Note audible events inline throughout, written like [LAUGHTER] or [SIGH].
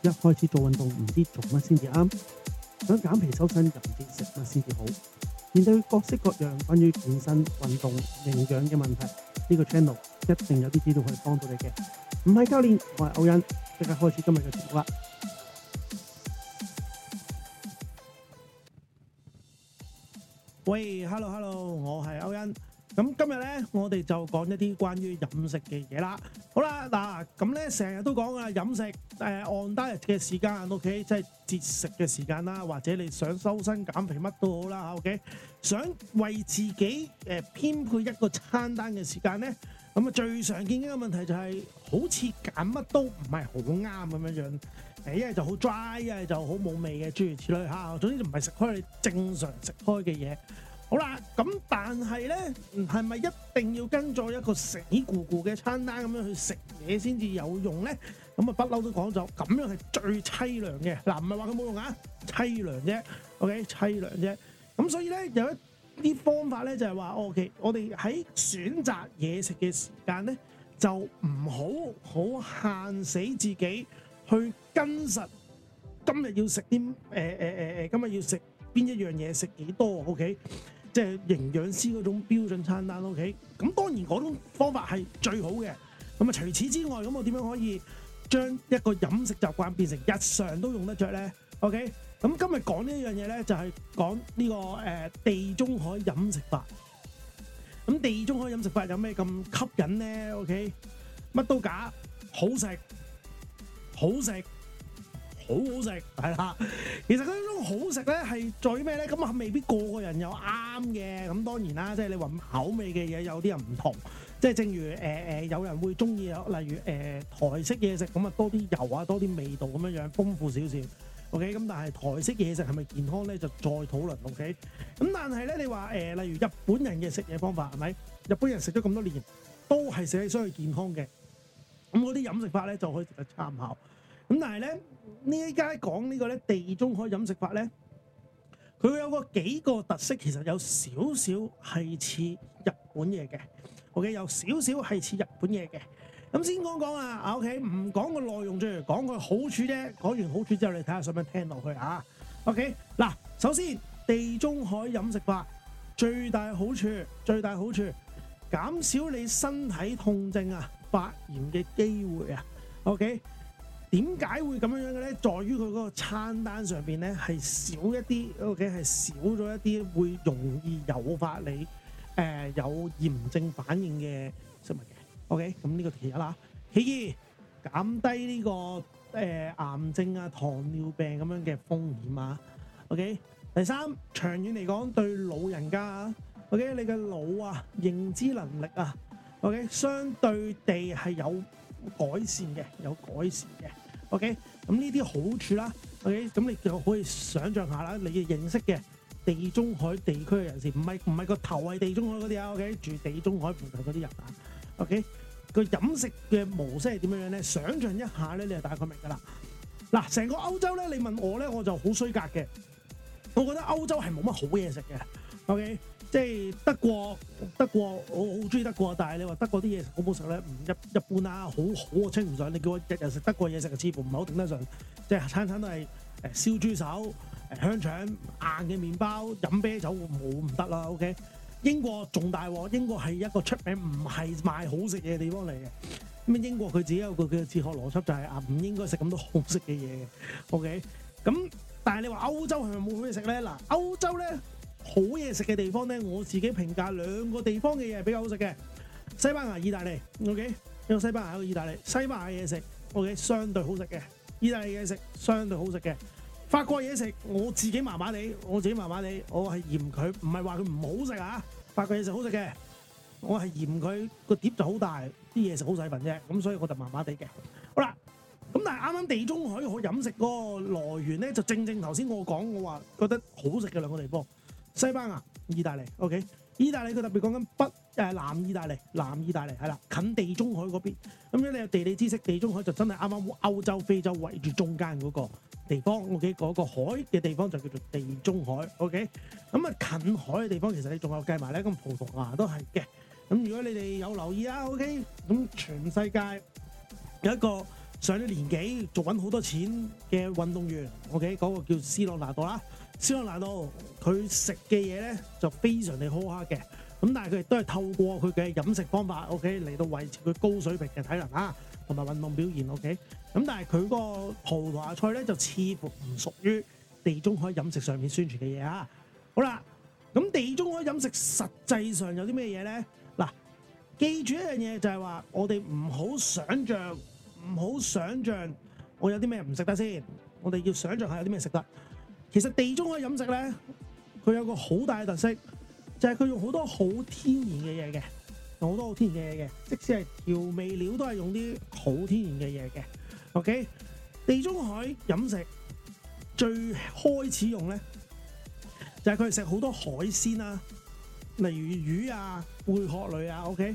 一開始做運動唔知做乜先至啱，想減肥瘦身又唔知食乜先至好。面對各式各樣關於健身、運動、營養嘅問題，呢個 channel 一定有啲資料可以幫到你嘅。唔係教練，我係歐恩，即刻開始今日嘅節目啦！喂，hello hello，我係。咁今日咧，我哋就講一啲關於飲食嘅嘢啦。好啦，嗱，咁咧成日都講啊，飲食誒 on diet 嘅時間，O K，即係節食嘅時間啦，或者你想修身減肥乜都好啦，O K，想為自己誒、呃、編配一個餐單嘅時間咧，咁啊最常見嘅一個問題就係、是、好似揀乜都唔係好啱咁樣樣，誒一係就好 dry，一係就好冇味嘅諸如此類嚇，總之就唔係食開你正常食開嘅嘢。好啦，咁但係咧，係咪一定要跟咗一個死咕咕嘅餐單咁樣去食嘢先至有用咧？咁啊不嬲都講咗咁樣係最淒涼嘅。嗱，唔係話佢冇用啊，淒涼啫。O K，淒涼啫。咁所以咧有一啲方法咧就係話，O K，我哋喺選擇嘢食嘅時間咧，就唔好好限死自己去跟實今日要食啲誒誒誒誒，今日要食邊一樣嘢食幾多？O K。即係營養師嗰種標準餐單，OK？咁當然嗰種方法係最好嘅。咁啊，除此之外，咁我點樣可以將一個飲食習慣變成日常都用得着咧？OK？咁今日講呢一樣嘢咧，就係講呢個誒地中海飲食法。咁地中海飲食法有咩咁吸引咧？OK？乜都假，好食，好食。好好食，係啦。其實嗰種好食咧係在於咩咧？咁啊未必個個人有啱嘅。咁當然啦，即係你話口味嘅嘢，有啲人唔同。即係正如誒誒有人會鍾意啊，例如誒台式嘢食，咁啊多啲油啊，多啲味道咁樣樣豐富少少。OK，咁但係台式嘢食係咪健康咧？就再討論。OK，咁但係咧，你話誒例如日本人嘅食嘢方法係咪？日本人食咗咁多年都係寫起需要健康嘅。咁嗰啲飲食法咧就可以值得參考。咁但係咧。呢一街講呢個咧地中海飲食法咧，佢有個幾個特色，其實有少少係似日本嘢嘅，OK，有少少係似日本嘢嘅。咁先講講啊，OK，唔講個內容，就嚟講個好處啫。講完好處之後，你睇下想唔想聽落去啊？OK，嗱，首先地中海飲食法最大好處，最大好處減少你身體痛症啊發炎嘅機會啊，OK。點解會咁樣樣嘅咧？在於佢嗰個餐單上邊咧，係少一啲，OK 係少咗一啲會容易誘發你誒有炎症反應嘅食物嘅，OK。咁呢個就其一啦。其二，減低呢、呢個誒、呃、癌症啊、糖尿病咁樣嘅風險啊，OK。第三，長遠嚟講對老人家啊，OK，你嘅腦啊、認知能力啊，OK，相對地係有。改善嘅有改善嘅，OK，咁呢啲好處啦，OK，咁你就可以想象下啦，你嘅認識嘅地中海地區嘅人士，唔係唔係個頭係地中海嗰啲啊，OK，住地中海附近嗰啲人啊，OK，個飲食嘅模式係點樣樣咧？想象一下咧，你就大概明噶啦。嗱，成個歐洲咧，你問我咧，我就好衰格嘅，我覺得歐洲係冇乜好嘢食嘅，OK。即係德國，德國我好中意德國，但係你話德國啲嘢好唔好食咧？唔一一般啦、啊，好好啊，稱唔上。你叫我日日食德國嘢食，似乎唔係好頂得順。即係餐餐都係誒燒豬手、香腸、硬嘅麵包、飲啤酒，冇唔得啦。OK 英。英國仲大喎，英國係一個出名唔係賣好食嘢嘅地方嚟嘅。咁英國佢自己有個嘅哲學邏輯，就係啊唔應該食咁多好食嘅嘢嘅。OK。咁但係你話歐洲係咪冇好嘢食咧？嗱，歐洲咧。好嘢食嘅地方咧，我自己評價兩個地方嘅嘢比較好食嘅。西班牙、意大利，OK 一個西班牙一個意大利。西班牙嘢食 OK 相對好食嘅，意大利嘢食相對好食嘅。法國嘢食我自己麻麻地，我自己麻麻地，我係嫌佢唔係話佢唔好食啊。法國嘢食好食嘅，我係嫌佢個碟就好大，啲嘢食好細份啫。咁所以我就麻麻地嘅。好啦，咁但係啱啱地中海嗰個飲食嗰個來源咧，就正正頭先我講，我話覺得好食嘅兩個地方。西班牙、意大利，OK？意大利佢特別講緊北誒、啊、南意大利，南意大利係啦，近地中海嗰邊。咁因為你有地理知識，地中海就真係啱啱歐洲、非洲圍住中間嗰個地方，OK？嗰個海嘅地方就叫做地中海，OK？咁啊近海嘅地方，其實你仲有計埋咧，咁葡萄牙都係嘅。咁如果你哋有留意啊，OK？咁全世界有一個上咗年紀做緊好多錢嘅運動員，OK？嗰個叫斯洛拿度啦。C 朗拿度佢食嘅嘢咧就非常地苛刻嘅，咁但係佢亦都係透過佢嘅飲食方法，OK 嚟到維持佢高水平嘅體能啦，同埋運動表現，OK。咁但係佢個葡萄牙菜咧就似乎唔屬於地中海飲食上面宣傳嘅嘢啊。好啦，咁地中海飲食實際上有啲咩嘢咧？嗱，記住一樣嘢就係話，我哋唔好想象，唔好想象我有啲咩唔食得先，我哋要想象下有啲咩食得。其實地中海飲食咧，佢有個好大嘅特色，就係佢用好多好天然嘅嘢嘅，好多好天然嘅嘢嘅，即使係調味料都係用啲好天然嘅嘢嘅。OK，地中海飲食最開始用咧，就係佢食好多海鮮啦，例如魚啊、貝殼類啊。OK，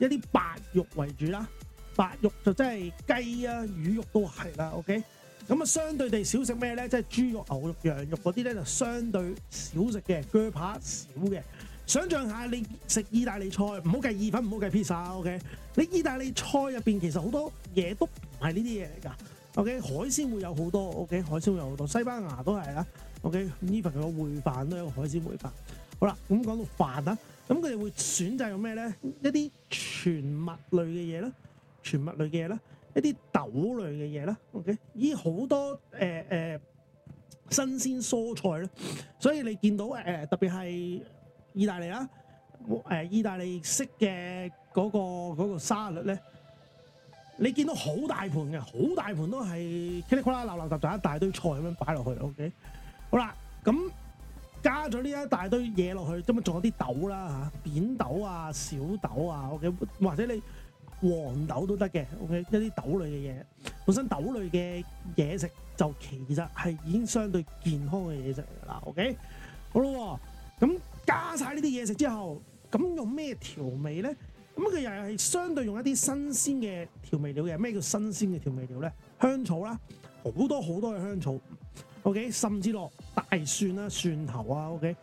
一啲白肉為主啦，白肉就即係雞啊、魚肉都係啦。OK。咁啊，相對地少食咩咧？即係豬肉、牛肉、羊肉嗰啲咧，就相對少食嘅，鋸扒少嘅。想像下你食意大利菜，唔好計意粉，唔好計 pizza，OK？Okay？你意大利菜入邊其實好多嘢都唔係呢啲嘢嚟㗎，OK？海鮮會有好多，OK？海鮮會有好多，西班牙都係啦，OK？Even 個燴飯都有海鮮燴飯。好啦，咁講到飯啦，咁佢哋會選擇用咩咧？一啲全麥類嘅嘢咧，全麥類嘅嘢咧。一啲豆類嘅嘢啦，OK，依好多誒誒、呃呃、新鮮蔬菜咧，所以你見到誒、呃、特別係意大利啦，誒、呃、意大利式嘅嗰、嗰個嗰個沙律咧，你見到好大盤嘅，好大盤都係噼里啪啦、撈撈雜雜一大堆菜咁樣擺落去，OK，好啦，咁加咗呢一大堆嘢落去，咁啊仲有啲豆啦嚇，扁豆啊、小豆啊，OK，或者你。黃豆都得嘅，OK，一啲豆類嘅嘢，本身豆類嘅嘢食就其實係已經相對健康嘅嘢食噶啦，OK，好咯、哦，咁加晒呢啲嘢食之後，咁用咩調味咧？咁佢又係相對用一啲新鮮嘅調味料嘅，咩叫新鮮嘅調味料咧？香草啦，好多好多嘅香草，OK，甚至落大蒜啦、啊、蒜頭啊，OK，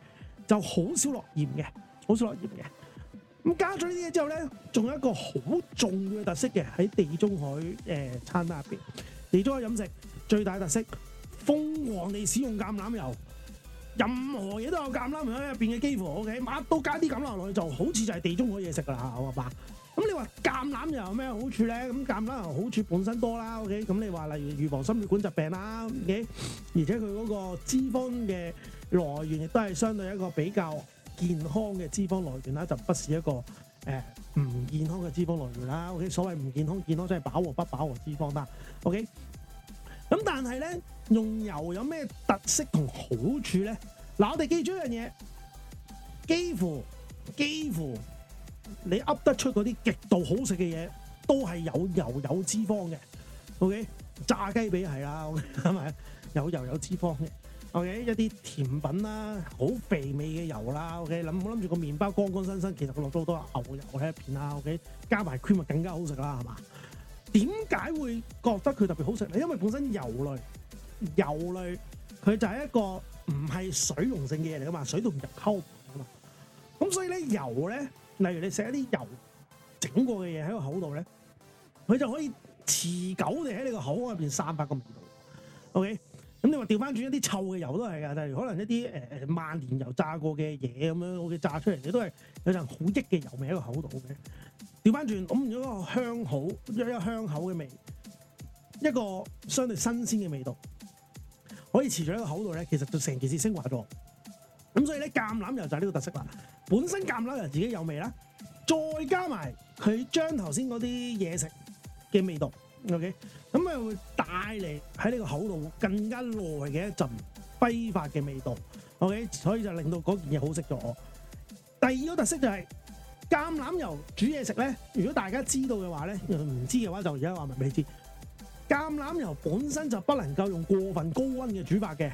就好少落鹽嘅，好少落鹽嘅。咁加咗呢啲嘢之後咧，仲有一個好重要嘅特色嘅喺地中海誒、呃、餐廳入邊。地中海飲食最大特色，瘋狂地使用橄欖油，任何嘢都有橄欖油入邊嘅幾乎。O、okay? K，一都加啲橄欖油落去，就好似就係地中海嘢食啦嚇。我爸，咁你話橄欖油有咩好處咧？咁橄欖油好處本身多啦。O K，咁你話例如預防心血管疾病啦。O、okay? K，而且佢嗰個脂肪嘅來源亦都係相對一個比較。健康嘅脂肪來源啦，就不是一個誒唔、呃、健康嘅脂肪來源啦。OK，所謂唔健康、健康真係飽和不飽和脂肪啦。OK，咁但係咧用油有咩特色同好處咧？嗱，我哋記住一樣嘢，幾乎幾乎你噏得出嗰啲極度好食嘅嘢，都係有油有脂肪嘅。OK，炸雞髀係啦，係、OK? 咪 [LAUGHS] 有油有脂肪嘅？O.K. 一啲甜品啦，好肥味嘅油啦，O.K. 諗諗住個麵包乾乾身身，其實落咗好多牛油喺入邊啦，O.K. 加埋 cream 更加好食啦，係嘛？點解會覺得佢特別好食咧？因為本身油類油類佢就係一個唔係水溶性嘅嘢嚟噶嘛，水同唔溝唔埋噶嘛。咁所以咧油咧，例如你食一啲油整過嘅嘢喺個口度咧，佢就可以持久地喺你個口入邊散發個味道。O.K. 咁你話調翻轉一啲臭嘅油都係噶，例如可能一啲誒誒萬年油炸過嘅嘢咁樣，我嘅炸出嚟你都係有陣好益嘅油味喺個口度嘅。調翻轉，咁如果香好，有一個香口嘅味，一個相對新鮮嘅味道，可以持續喺個口度咧，其實就成件事升華咗。咁所以咧，橄欖油就係呢個特色啦。本身橄欖油自己有味啦，再加埋佢將頭先嗰啲嘢食嘅味道，OK，咁啊會。嗌你喺呢個口度更加耐嘅一陣揮發嘅味道，OK，所以就令到嗰件嘢好食咗。第二個特色就係、是、橄欖油煮嘢食咧，如果大家知道嘅話咧，唔知嘅話就而家話明俾你知。橄欖油本身就不能夠用過分高溫嘅煮法嘅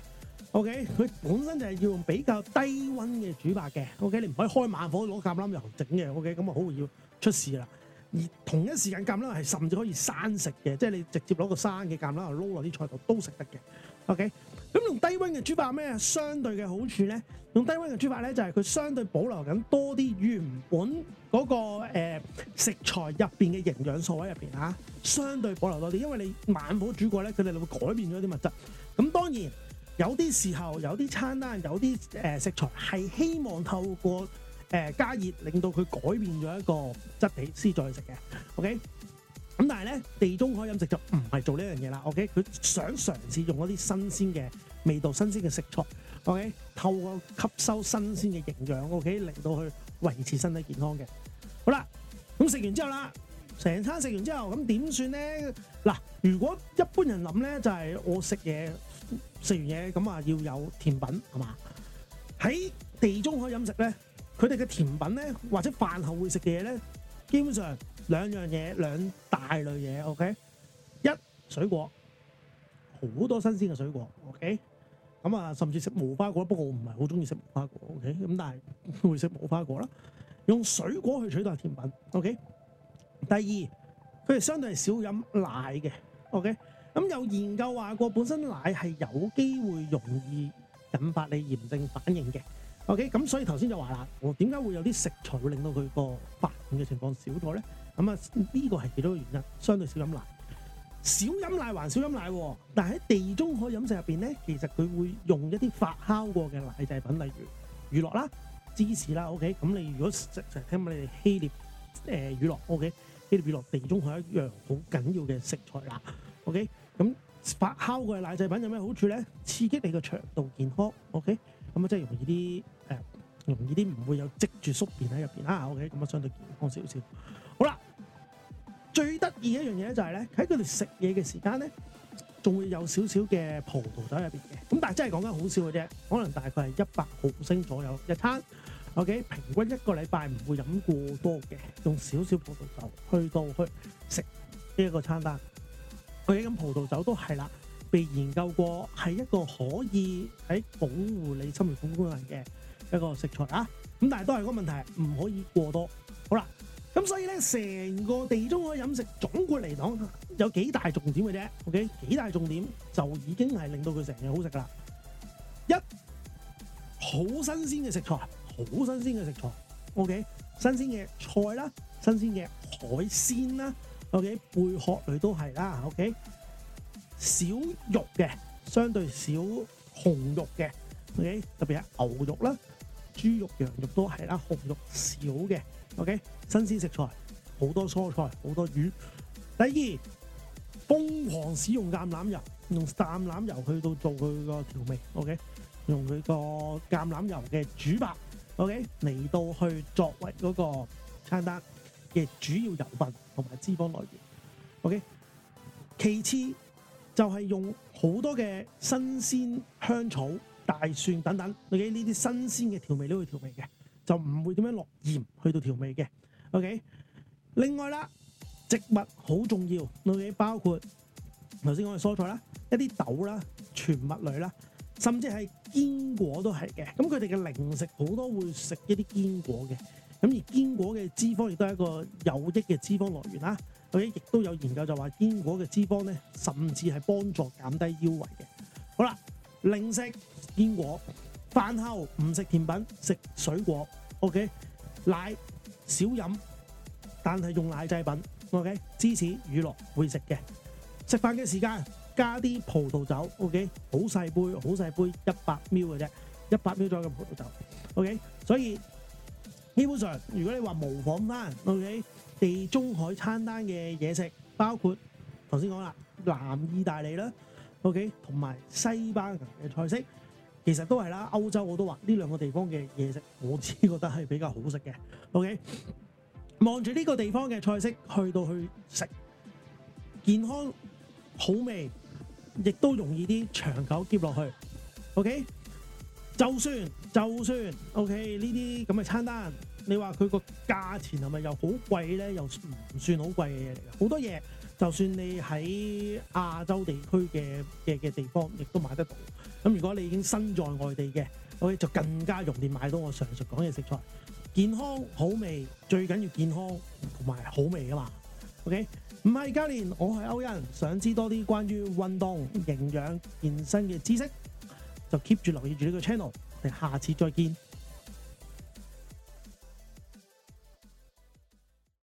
，OK，佢本身就係要用比較低溫嘅煮法嘅，OK，你唔可以開猛火攞橄欖油整嘅，OK，咁好要出事啦。而同一時間橄欖係甚至可以生食嘅，即係你直接攞個生嘅橄欖嚟撈落啲菜度都食得嘅。OK，咁用低溫嘅煮法咩相對嘅好處咧？用低溫嘅煮法咧就係、是、佢相對保留緊多啲原本嗰、那個、呃、食材入面嘅營養素喺入面啊，相對保留多啲，因為你慢火煮過咧，佢哋會改變咗啲物質。咁當然有啲時候有啲餐單有啲、呃、食材係希望透過。誒加熱令到佢改變咗一個質地先再去食嘅，OK。咁但係咧地中海飲食就唔係做呢樣嘢啦，OK。佢想嘗試用一啲新鮮嘅味道、新鮮嘅食材，OK。透過吸收新鮮嘅營養，OK，令到去維持身體健康嘅。好啦，咁食完之後啦，成餐食完之後，咁點算咧？嗱，如果一般人諗咧，就係我食嘢食完嘢咁啊，要有甜品係嘛？喺地中海飲食咧。佢哋嘅甜品咧，或者飯後會食嘅嘢咧，基本上兩樣嘢兩大類嘢，OK，一水果好多新鮮嘅水果，OK，咁啊，甚至食無花果，不過我唔係好鍾意食無花果，OK，咁但係會食無花果啦，用水果去取代甜品，OK。第二，佢哋相對係少飲奶嘅，OK，咁有研究話過，本身奶係有機會容易引發你炎症反應嘅。OK，咁所以頭先就話啦，我點解會有啲食材會令到佢個發炎嘅情況少咗咧？咁啊，呢個係其中一個原因。相對少飲奶，少飲奶還少飲奶，啊。但喺地中海飲食入邊咧，其實佢會用一啲發酵過嘅奶製品，例如乳酪啦、芝士啦。OK，咁你如果食就聽問你哋希臘誒乳酪，OK，希臘乳酪地中海一樣好緊要嘅食材啦。OK，咁發酵過嘅奶製品有咩好處咧？刺激你個腸道健康。OK，咁啊真係容易啲。容易啲唔會有積住宿便喺入邊啊。OK，咁啊相對健康少少。好啦，最得意嘅一樣嘢就係、是、咧，喺佢哋食嘢嘅時間咧，仲會有少少嘅葡萄酒入邊嘅。咁但係真係講緊好少嘅啫，可能大概係一百毫升左右一餐。OK，平均一個禮拜唔會飲過多嘅，用少少葡萄酒去到去食呢一個餐單。佢啲咁葡萄酒都係啦，被研究過係一個可以喺保護你心血管功能嘅，一個食材啊，咁但係都係個問題，唔可以過多。好啦，咁所以咧，成個地中海飲食總括嚟講，有幾大重點嘅啫。OK，幾大重點就已經係令到佢成日好食噶啦。一好新鮮嘅食材，好新鮮嘅食材。OK，新鮮嘅菜啦，新鮮嘅海鮮啦。OK，貝殼類都係啦。OK，少肉嘅，相對少紅肉嘅。O.K. 特別係牛肉啦、豬肉、羊肉都係啦，紅肉少嘅。O.K. 新鮮食材好多蔬菜，好多魚。第二，瘋狂使用橄欖油，用橄欖油去到做佢個調味。O.K. 用佢個橄欖油嘅煮白。O.K. 嚟到去作為嗰個餐單嘅主要油份同埋脂肪來源。O.K. 其次就係用好多嘅新鮮香草，大蒜等等，你啲呢啲新鮮嘅調味料去調味嘅，就唔會點樣落鹽去到調味嘅。OK，另外啦，植物好重要，你包括頭先講嘅蔬菜啦，一啲豆啦、全物類啦，甚至係堅果都係嘅。咁佢哋嘅零食好多會食一啲堅果嘅。咁而堅果嘅脂肪亦都係一個有益嘅脂肪來源啦。佢哋亦都有研究就話堅果嘅脂肪咧，甚至係幫助減低腰圍嘅。好啦。零食堅果，飯後唔食甜品，食水果。OK，奶少飲，但係用奶製品。OK，芝士乳酪會食嘅。食飯嘅時間加啲葡萄酒。OK，好細杯，好細杯，一百 m l 嘅啫，一百 m l 左右嘅葡萄酒。OK，所以基本上如果你話模仿翻，OK 地中海餐單嘅嘢食，包括頭先講啦，南意大利啦。O K，同埋西班牙嘅菜式，其實都係啦。歐洲我都話呢兩個地方嘅嘢食，我只覺得係比較好食嘅。O K，望住呢個地方嘅菜式，去到去食，健康、好味，亦都容易啲長久接落去。O K，就算就算 O K 呢啲咁嘅餐單，你話佢個價錢係咪又好貴咧？又唔算好貴嘅嘢嚟嘅，好多嘢。就算你喺亞洲地區嘅嘅地方，亦都買得到。咁如果你已經身在外地嘅，OK 就更加容易買到我上述講嘅食材，健康好味，最緊要健康同埋好味啊嘛。OK，唔係，教練，我係歐人，想知多啲關於運動、營養、健身嘅知識，就 keep 住留意住呢個 channel，我哋下次再見。